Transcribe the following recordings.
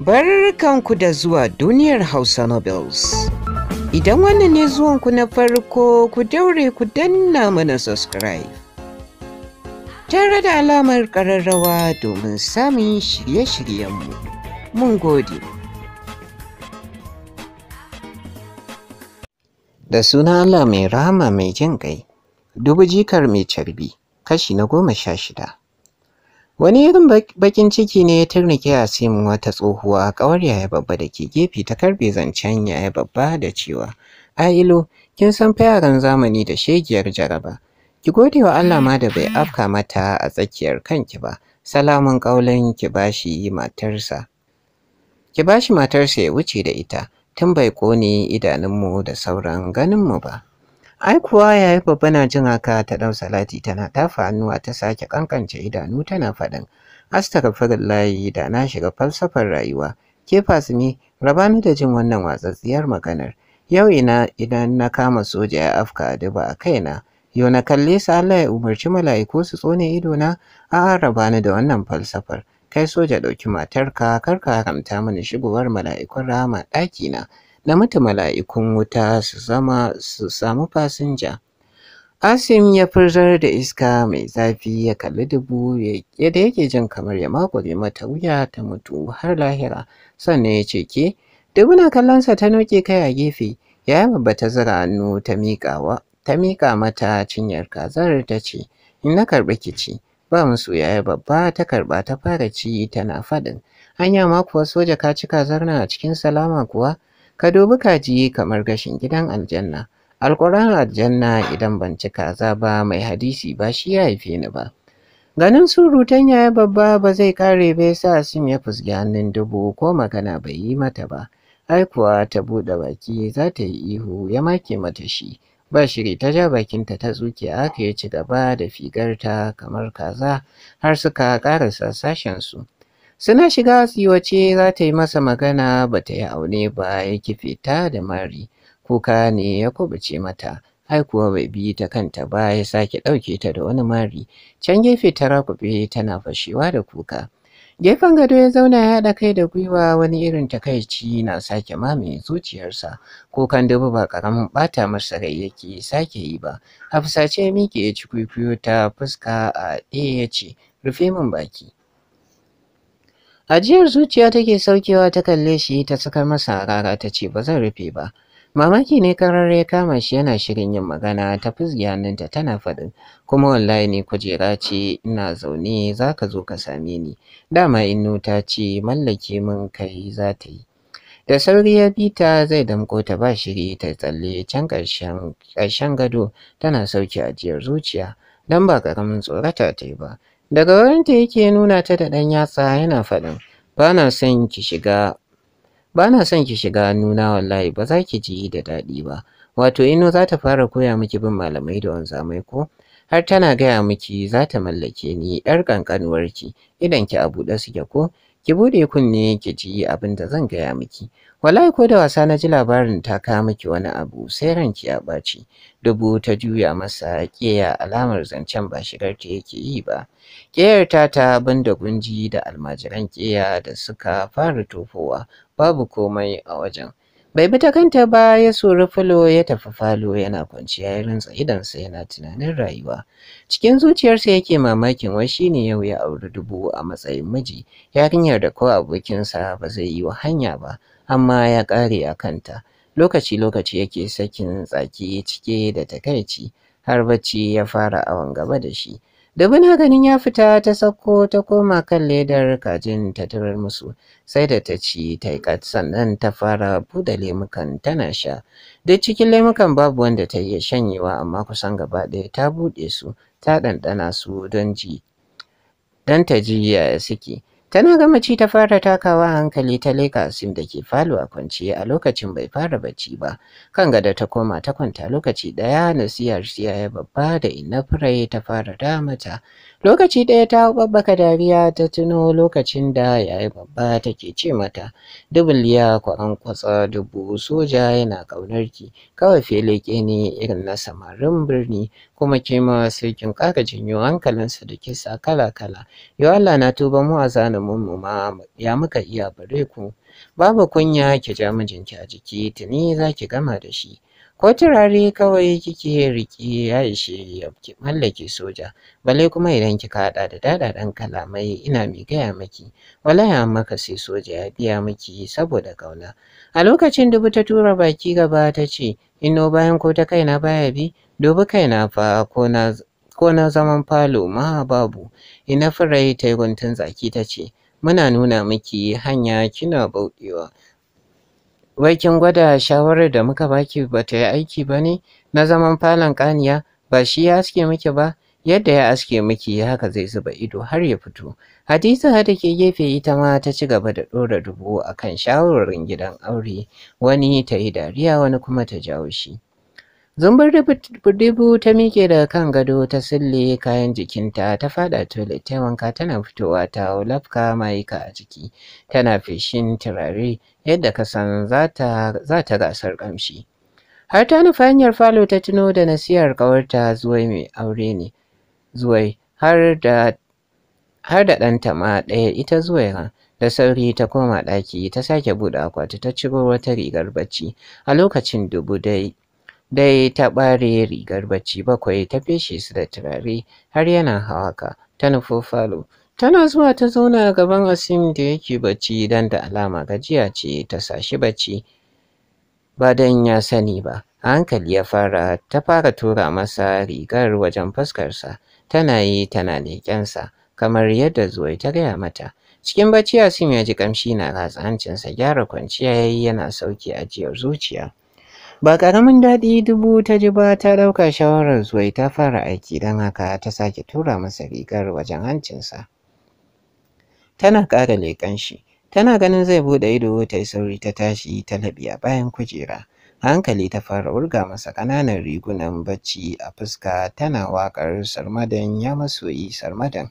Barkanku da zuwa duniyar Hausa Nobels Idan wannan ne zuwanku na farko ku daure ku danna mana subscribe. Tare da alamar ƙararrawa domin samun shirye-shiryenmu. Mun gode. Da suna Allah mai rahama mai jin ƙai, dubu jikar mai carbi, kashi na goma sha shida. Wani irin bakin ciki ne ya turnike a simin wata tsohuwa kawar yaya babba da ke gefe ta karbe zancen yaya babba da cewa Ailo kin san fa yaran zamani da shegiyar jaraba ki gode wa Allah ma da bai afka mata a tsakiyar kanki ba salamun kaulan ki bashi matarsa ki bashi matarsa ya wuce da ita tun bai ƙone idanunmu da sauran ganinmu ba Ai kuwa yi babba na jin haka ta ɗau salati tana tafa hannuwa ta sake ƙanƙance idanu tana faɗin. layi da na shiga falsafar rayuwa. Ke raba ni da jin wannan watsatsiyar maganar. Yau ina idan na kama soja ya afka a duba a kaina. Yau na kalle su Allah ya umarci mala'iku su tsone ido idona a'a ni da wannan falsafar. Kai soja ɗauki matarka kar ka haramta mini shigowar mala'ikun rahama na. na mata mala'ikun wuta su zama su samu fasinja. Asim ya furzar da iska mai zafi ya kalli dubu yadda yake jin kamar ya makure mata wuya ta mutu har lahira sannan ya ce ke dubu na kallonsa ta noke kai a gefe ya yi bata zira hannu ta miƙa mata cinyar kazar ta ce in na karɓi kici ba musu yaya babba ta karɓa ta fara ci tana faɗin Anya ma kuwa soja ka ci kazar na a cikin salama kuwa Ka dubi kaji kamar gashin gidan aljanna. Alƙur'an aljanna idan ban ci kaza ba mai hadisi ba shi ya haife ni ba. Ganin surutan yaya babba ba zai kare bai sa sim ya fusgi hannun dubu ko magana bai yi mata ba. Ai kuwa ta buɗe baki za ta yi ihu ya make mata shi. Ba shiri ta ja bakinta ta tsuke aka ya ci gaba da figarta kamar kaza har suka ƙarasa su. Suna shiga wace za ta yi masa magana ba ta yi aune ba ya kife ta da mari. Kuka ne ya kubuce mata, ai kuwa bai bi ta kanta ba ya sake ɗauke ta da wani mari. Can gefe ta rakube tana fashewa da kuka. Gefen gado ya zauna ya haɗa kai da gwiwa wani irin takaici na sake mamaye zuciyarsa, kukan dubu ba ƙaramin ɓata masa rai yake sake yi ba. Hafsace miƙe ya ci kwaikwayo ta fuska a ɗaya ya ce, rufe min baki. Ajiyar zuciya take saukewa ta kalle shi ta sakar masa rara ta ce ba zan rufe ba. Mamaki ne karar ya kama shi yana shirin yin magana ta fizgi hannunta tana faɗin kuma wallahi ne kujera ce ina zaune za ka zo ka same ni dama innu ta ce mallake mun kai za ta yi. Da sauri ya bi ta zai damko ta ba shiri ta tsalle can ƙarshen gado tana sauke ajiyar zuciya don ba ƙaramin tsorata ta yi ba Daga wurinta yake nuna ta da ɗan yatsa yana faɗin, ba na son ki shiga ba na son ki shiga nuna wallahi ba za ki ji da daɗi ba. Wato ino za ta fara koya miki bin malamai da wanzamai ko? Har tana gaya miki za ta mallake ni ‘yar ƙanƙanuwarki idan ki a buɗe suke ko? Ki buɗe kunne ki ji abin da zan gaya miki. wallahi ko da wasa na ji labarin ta kawo miki wani abu sai ranki ya ɓaci dubu ta juya masa ƙeya alamar zancen ba shigar ta yake yi ba ƙeyar ta ta banda gunji da almajiran ƙeya da suka fara tofowa babu komai a wajen bai bi ta kanta ba ya sori filo ya tafi falo yana kwanciya ya rintsa idansa yana tunanin rayuwa cikin zuciyarsa yake mamakin wai shine yau ya auri dubu a matsayin miji yarinyar da ko abokinsa ba zai yi wa hanya ba amma ya ƙare a kanta lokaci-lokaci yake sakin tsaki cike da takaici har bacci ya fara awon gaba da shi Dabin ganin ya fita ta sauko ta koma kan ledar kajin ta tarar musu sai da ta ci ta yi sannan ta fara buɗe lemukan tana sha. Duk cikin lemukan babu wanda ta iya shanyewa amma kusan gaba ɗaya ta buɗe su ta ɗanɗana su don ji. ta ji ya suke. Tana gama ci ta fara takawa hankali ta leka Asim da ke falo a kwanciye a lokacin bai fara bacci ba. Kan gada ta koma ta kwanta lokaci ɗaya siyar siya ya babba da inna fure ta fara da mata. Lokaci ɗaya ta hau babbaka dariya ta tuno lokacin da yayi babba take ce mata liya, kwaran kwatsa dubu soja yana ƙaunar ki kawai feleke ne irin na samarin birni kuma ma sai kin ƙara janyo hankalinsa da kisa kala-kala. yau Allah na tuba mu a zalumin mu ma ya muka iya bare ku. Babu kunya ki ja mijinki a jiki tuni za ki gama da shi. ko turare kawai kike riki ya ishe ya mallake soja balle kuma idan kika hada da dadaɗan kalamai ina mai gaya maki wallahi an maka sai soja ya biya maki saboda kauna a lokacin dubu ta tura baki gaba ta ce ino bayan ko ta kaina baya bi dubu kaina fa ko na ko na zaman falo ma babu ina furai ta guntun zaki ta ce muna nuna miki hanya kina bauɗewa wai kin gwada shawarar da muka baki ba ta yi aiki ba ne na zaman falon kaniya. ba shi ya aske miki ba yadda ya aske miki haka zai zuba ido har ya fito hadiza da ke gefe ita ma ta ci gaba da ɗora dubu akan shawarar gidan aure wani ta yi dariya wani kuma ta jawo shi Zumbar dubu ta miƙe daga kan gado ta sille kayan jikinta ta faɗa toilet ta wanka tana fitowa ta lafka mayuka a jiki tana feshin tirare. yadda ka san za ta gasar ƙamshi. Har ta nufa hanyar falo ta tuno da nasiyar ƙawarta zuwai mai aure ne. Zuwai har da har da ɗanta ma ɗaya ita zuwai da sauri ta koma ɗaki ta sake buɗe akwati ta ciro wata rigar bacci a lokacin dubu dai. dai ta ɓare rigar bacci bakwai ta feshe su da turare har yana hawaka ta nufo falo tana zuwa ta zauna gaban asim da yake bacci don da alama gajiya ce ta sashi bacci ba don ya sani ba hankali ya fara ta fara tura masa rigar wajen fuskarsa tana yi tana leƙensa kamar yadda zuwai ta gaya mata cikin bacci asim ya ji ƙamshi na ratsa hancinsa gyara kwanciya ya yana sauki ajiyar zuciya Ba ƙaramin daɗi dubu ta ji ba ta ɗauka shawarar zuwai ta fara aiki don haka ta sake tura masa rigar wajen hancinsa. Tana ƙara leƙen shi, tana ganin zai buɗe ido ta yi sauri ta tashi ta a bayan kujera. hankali ta fara wurga masa ƙananan rigunan bacci a fuska tana waƙar sarmadan ya masoyi sarmadan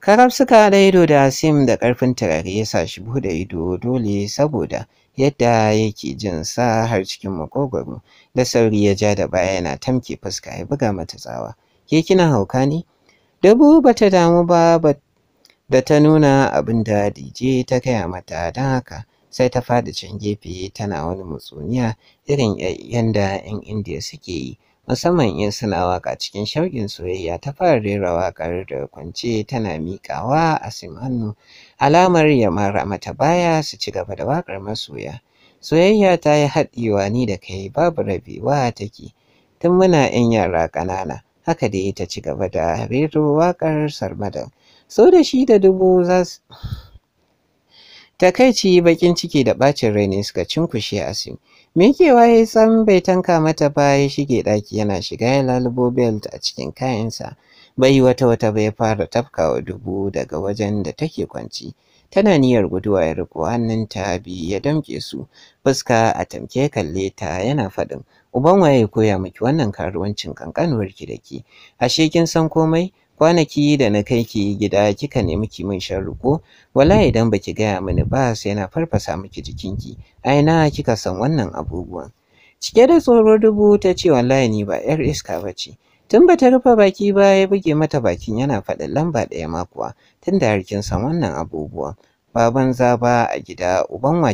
karab suka da ido da sim da ƙarfin turare ya sa shi buɗe ido dole saboda yadda yake jin sa har cikin makogwaro da sauri ya ja da baya yana tamke fuska ya buga mata tsawa ke kina hauka ne dubu bata damu ba da ta nuna abin da dije ta kaya mata don haka sai ta fada can gefe tana wani mutsuniya irin yanda 'yan indiya suke yi musamman in suna waƙa cikin shauƙin soyayya ta fara rera waƙar da kwance tana miƙawa a sim hannu alamar ya mara mata baya su ci gaba da waƙar masoya soyayya ta yi haɗewa ni da kai babu rabewa take tun muna 'yan yara ƙanana haka dai ta ci gaba da rero waƙar sarmadan so da shi da dubu za su takaici bakin ciki da ɓacin rai ne suka cinkushe asim Me ya waye san bai tanka mata ba ya shige ɗaki yana shiga ya lalubo belt a cikin kayansa. Bai wata wata bai fara tafkawa dubu daga wajen da take kwanci. Tana niyyar guduwa ya riko hannunta biyu ya damƙe su. Fuska a tamke kalle ta yana faɗin. Uban waye ya koya miki wannan karuwancin kankanuwar ki da ke. Ashe kin san komai? kwanaki da na kai ki gida kika nemi ki min shan ruko wallahi idan baki gaya mini ba sai na farfasa miki jikinki ai na kika san wannan abubuwan cike da tsoro dubu ta ce wallahi ni ba yar iska ba ce. tun ba ta rufe baki ba ya buge mata bakin yana faɗin lamba ɗaya makuwa tun da harkin san wannan abubuwan Baban za ba a gida uban wa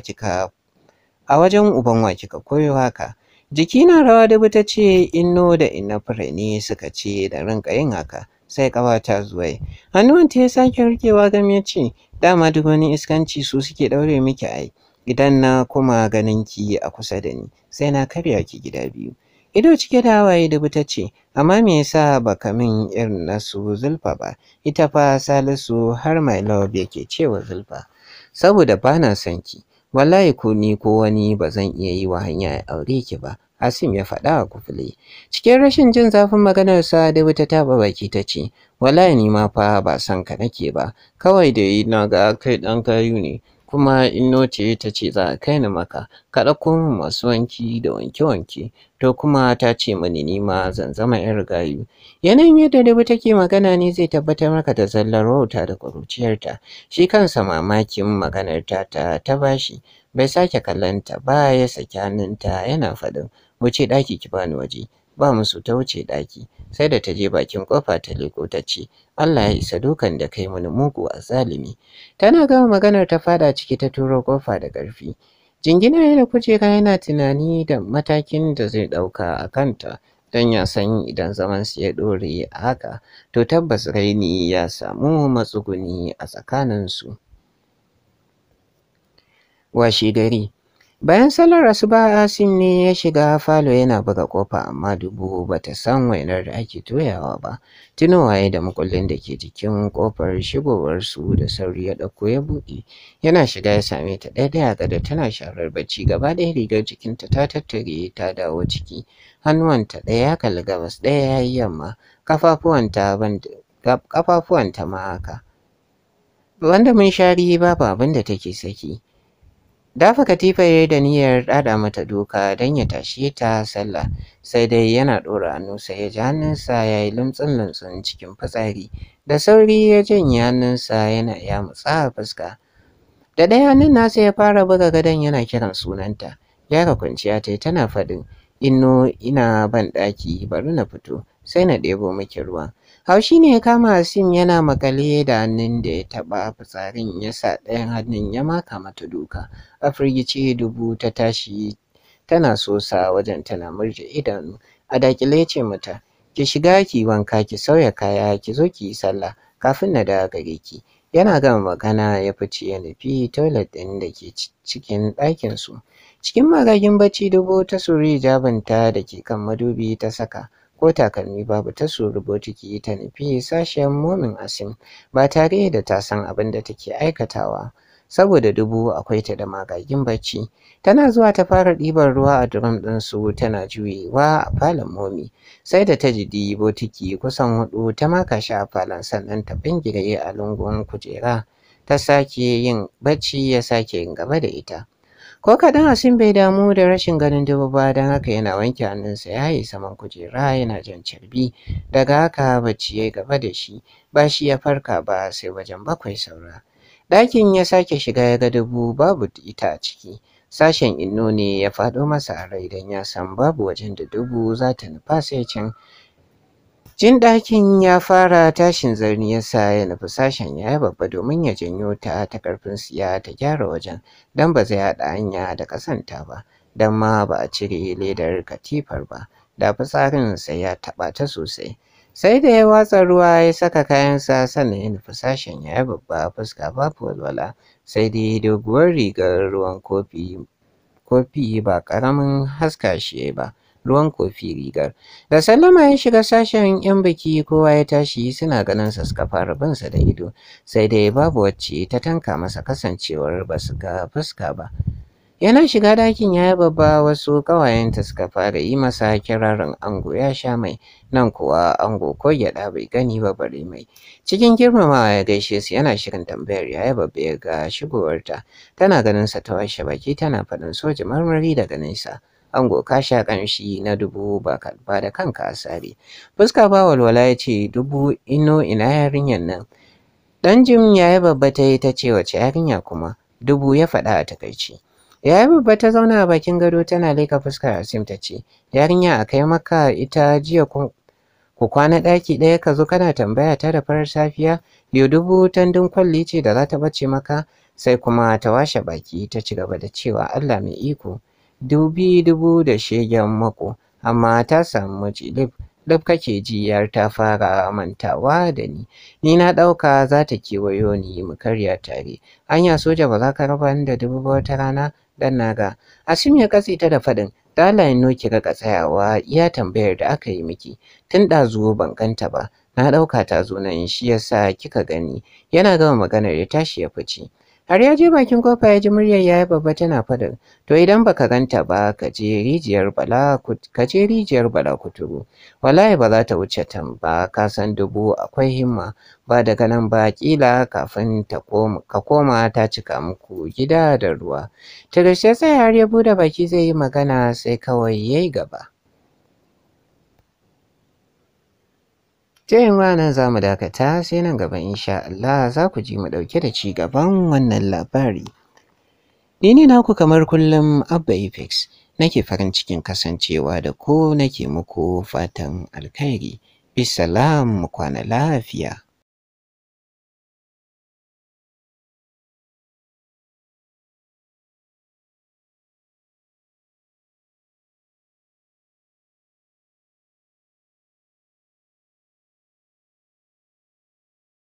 a wajen uban wa kika koyo haka jiki na rawa dubu ta ce inno da inna fure ne suka ce da rinka yin haka sai ƙawata zuwai. Hannuwanta ya sake rikewa gam ya ce, dama duk wani iskanci su suke ɗaure miki ai, idan na kuma ganin ki a kusa da ni, sai na karya ki gida biyu. Ido cike da hawaye da buta ce, amma me yasa ba min irin nasu zulfa ba, ita fa Salisu har mai love yake cewa zulfa. Saboda ba na son ki, wallahi ko ni ko wani ba zan iya yi wa hanya ya aure ki ba, Asim ya faɗa a kufule Cikin rashin jin zafin maganarsa da ta taba baki ta ce, Wallahi ni ma fa ba san ka nake ba, kawai da yi na ga kai ɗan kayu ne, kuma inno ce ta ce za a kai ni maka, ka ɗauko min masu wanki da wanke-wanke, to kuma ta ce mani ni ma zan zama ‘yar gayu. Yanayin yadda Dabi take magana ne zai tabbatar maka da zallar wauta da ƙuruciyarta, shi kansa mamakin maganarta ta ta bashi, bai sake kallonta ba ya saki hannunta yana faɗin. wuce ɗaki ki bani waje ba musu ta wuce ɗaki sai da ta je bakin kofa ta leko ta ce Allah ya isa dukan da kai mini mugu a zalimi tana gama maganar ta fada ciki ta turo kofa da ƙarfi jingina yana kujera yana tunani da matakin da zai ɗauka a kanta don ya san idan zaman su ya ɗore a haka to tabbas raini ya samu matsuguni a tsakaninsu washe gari Bayan sallar asuba Asim ne ya shiga falo yana buga kofa amma dubu bata san wainar da ake toyawa ba. Tuno waye da makullin da ke jikin kofar shigowar su da sauri ya ɗauko ya buɗe. Yana shiga ya same ta ɗaya ɗaya gada tana sharar bacci gaba ɗaya rigar jikinta ta tattare ta dawo ciki. Hannuwanta ɗaya ya kalli gabas ɗaya ya yi yamma. Kafafuwanta kafafuwanta ma haka. Wanda mun shari babu abin da take saki. Dafa katifa ya da niyyar ɗaɗa mata doka don ya tashe ta sallah sai dai yana ɗora hannu sai ya ji hannunsa ya yi lumtsin lumtsin cikin fitsari da sauri ya janye hannunsa yana ya mutsa fuska. Da ɗaya hannun nasa ya fara buga gadon yana kiran sunanta. ya Gyara kwanciya ta tana faɗin inno ina ban ɗaki bari na fito sai na ɗebo maki ruwa. Haushi ne ya kama Asim yana maƙale da hannun da ya taɓa fitsarin ya sa ɗayan hannun ya maka mata duka. A firgice dubu ta tashi tana sosa wajen tana murje idanu. A dakile ce mata, ki shiga ki wanka ki sauya kaya ki zo ki yi sallah kafin na dawo gare ki. Yana gama magana ya fice ya nufi toilet ɗin da ke cikin ɗakin su. Cikin magagin bacci dubu ta suri jabanta da ke kan madubi ta saka. ko takalmi babu ta surubo ciki ta nufi sashen momin asim ba tare da ta san abin da take aikatawa saboda dubu akwai ta da magagin bacci tana zuwa ta fara ɗiban ruwa a drum ɗin su tana juyewa a falon momi sai da ta jidi botiki kusan hudu ta maka shi a falon sannan ta bingire a lungun kujera ta sake yin bacci ya sake yin gaba da ita ko kadan asin bai damu da rashin ganin dubu ba don haka yana wanke hannunsa ya yi saman kujera yana jan carbi daga haka bacci ya gaba da shi ba shi ya farka ba sai wajen bakwai saura ɗakin ya sake shiga ya ga dubu babu ita a ciki sashen inno ne ya faɗo masa a rai don ya san babu wajen da dubu za ta nufa sai can Jin ɗakin ya fara tashin zarni ya sa ya nufi sashen ya yi babba domin ya janyo ta ta ƙarfin siya ta gyara wajen don ba zai haɗa hanya da ƙasanta ba don ma ba a cire ledar katifar ba da sai ya taɓa ta sosai. Sai da ya watsa ruwa ya saka kayansa sannan ya nufi sashen ya yi babba fuska babu walwala sai dai doguwar rigar ruwan kofi kofi ba ƙaramin haska shi ba. ruwan kofi rigar. Da sallama ya shiga sashen 'yan biki kowa ya tashi suna ganin sa suka fara bin sa da ido, sai dai babu wacce ta tanka masa kasancewar ba su ga fuska ba. Yana shiga dakin ya babba wasu ƙawayenta suka fara yi masa kirarin ango ya sha mai nan kuwa ango ko gyaɗa bai gani ba bare mai. Cikin girmamawa ya gaishe su yana shirin tambayar ya babba ya ga shigowarta tana ganin sa ta washe baki tana faɗin soja marmari daga nesa. ango ka sha ƙamshi na dubu ba da kanka sare fuska ba walwala yace dubu ino ina yarinyar nan dan jim ya babba ta ta ce wace yarinya kuma dubu ya faɗa a takaici ya yi babba ta zauna a bakin gado tana leka fuskar asim ta ce yarinya a kai maka ita jiya ku kwana ɗaki ɗaya ka zo kana tambaya ta da farar safiya yau dubu tandun kwalli ce da za ta bace maka sai kuma ta washe baki ta ci gaba da cewa Allah mai iko dubi dubu da shegen mako amma ta samu mace lif kake ji yar ta fara mantawa da ni ni na ɗauka za ta kewayo ni mu karya tare anya soja ba za ka raba ni da dubu ba wata rana dan na ga asim ya katse ta da faɗin dalayen no ki ga tsayawa iya tambayar da aka yi miki tun ɗazu ban kanta ba na ɗauka ta zo nan shi yasa kika gani yana gama maganar ya tashi ya fice Har ya je bakin kofa ya ji muryar ya yi babba tana faɗin, to idan baka ganta ba ka je rijiyar bala ka je rijiyar bala kuturu. Wallahi ba za ta wuce tan ba ka san dubu akwai himma ba daga nan ba kila kafin ka koma ta cika muku gida da ruwa. Ta sai har ya bude baki zai yi magana sai kawai ya yi gaba. Jayin nan za mu dakata sai nan gaba in sha Allah za ku ji mu ɗauke da ci gaban wannan labari. Ni ne naku kamar kullum Abba Apex nake farin cikin kasancewa da ko nake muku fatan alkhairi. Bisalam mu kwana lafiya.